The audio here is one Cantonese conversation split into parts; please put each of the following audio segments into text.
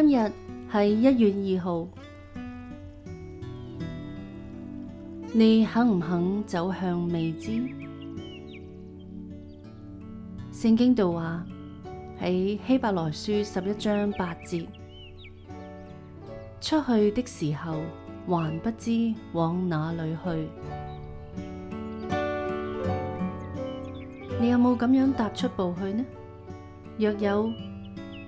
今日係一月二號，你肯唔肯走向未知？聖經度話喺希伯來書十一章八節，出去的時候還不知往哪裏去，你有冇咁樣踏出步去呢？若有？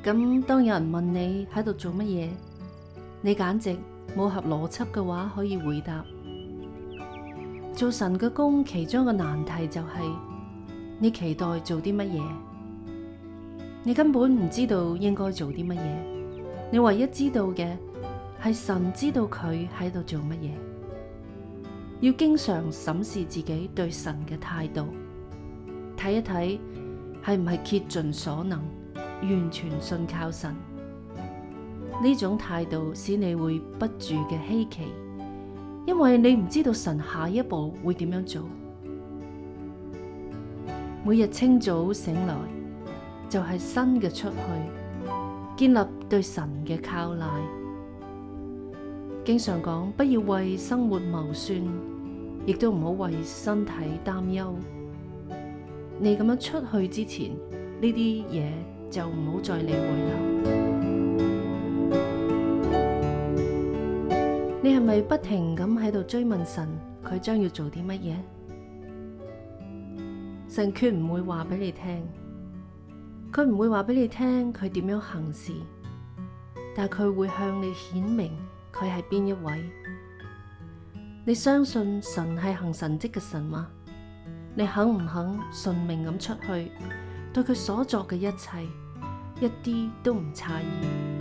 咁當有人問你喺度做乜嘢，你簡直冇合邏輯嘅話可以回答。做神嘅工，其中一個難題就係你期待做啲乜嘢，你根本唔知道應該做啲乜嘢。你唯一知道嘅係神知道佢喺度做乜嘢。要經常審視自己對神嘅態度，睇一睇係唔係竭盡所能。完全信靠神。呢種態度，使你會不住嘅稀奇，因為你唔知道神下一步會點樣做。每日清早醒來，就係新嘅出去，建立對神嘅靠賴。經常講，不要為生活謀算，亦都唔好為身體擔憂。你咁樣出去之前呢啲嘢就唔好再理會啦。 你係咪不，不停咁喺度追問神？佢將要做啲乜嘢？神絕唔會話俾你聽，佢唔會話俾你聽佢點樣行事，但佢會向你顯明佢係邊一位。你相信神係行神蹟嘅神嗎？你肯唔肯順命咁出去，對佢所作嘅一切？一啲都唔詫異。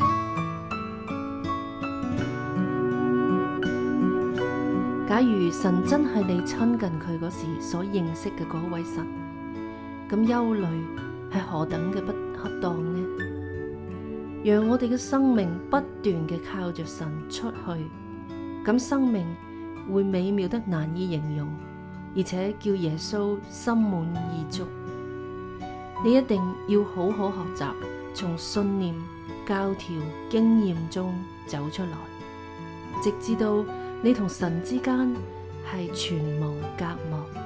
假如神真係你親近佢嗰時所認識嘅嗰位神，咁憂慮係何等嘅不恰當呢？讓我哋嘅生命不斷嘅靠着神出去，咁生命會美妙得難以形容，而且叫耶穌心滿意足。你一定要好好學習。從信念、教條、經驗中走出來，直至到你同神之間係全無隔膜。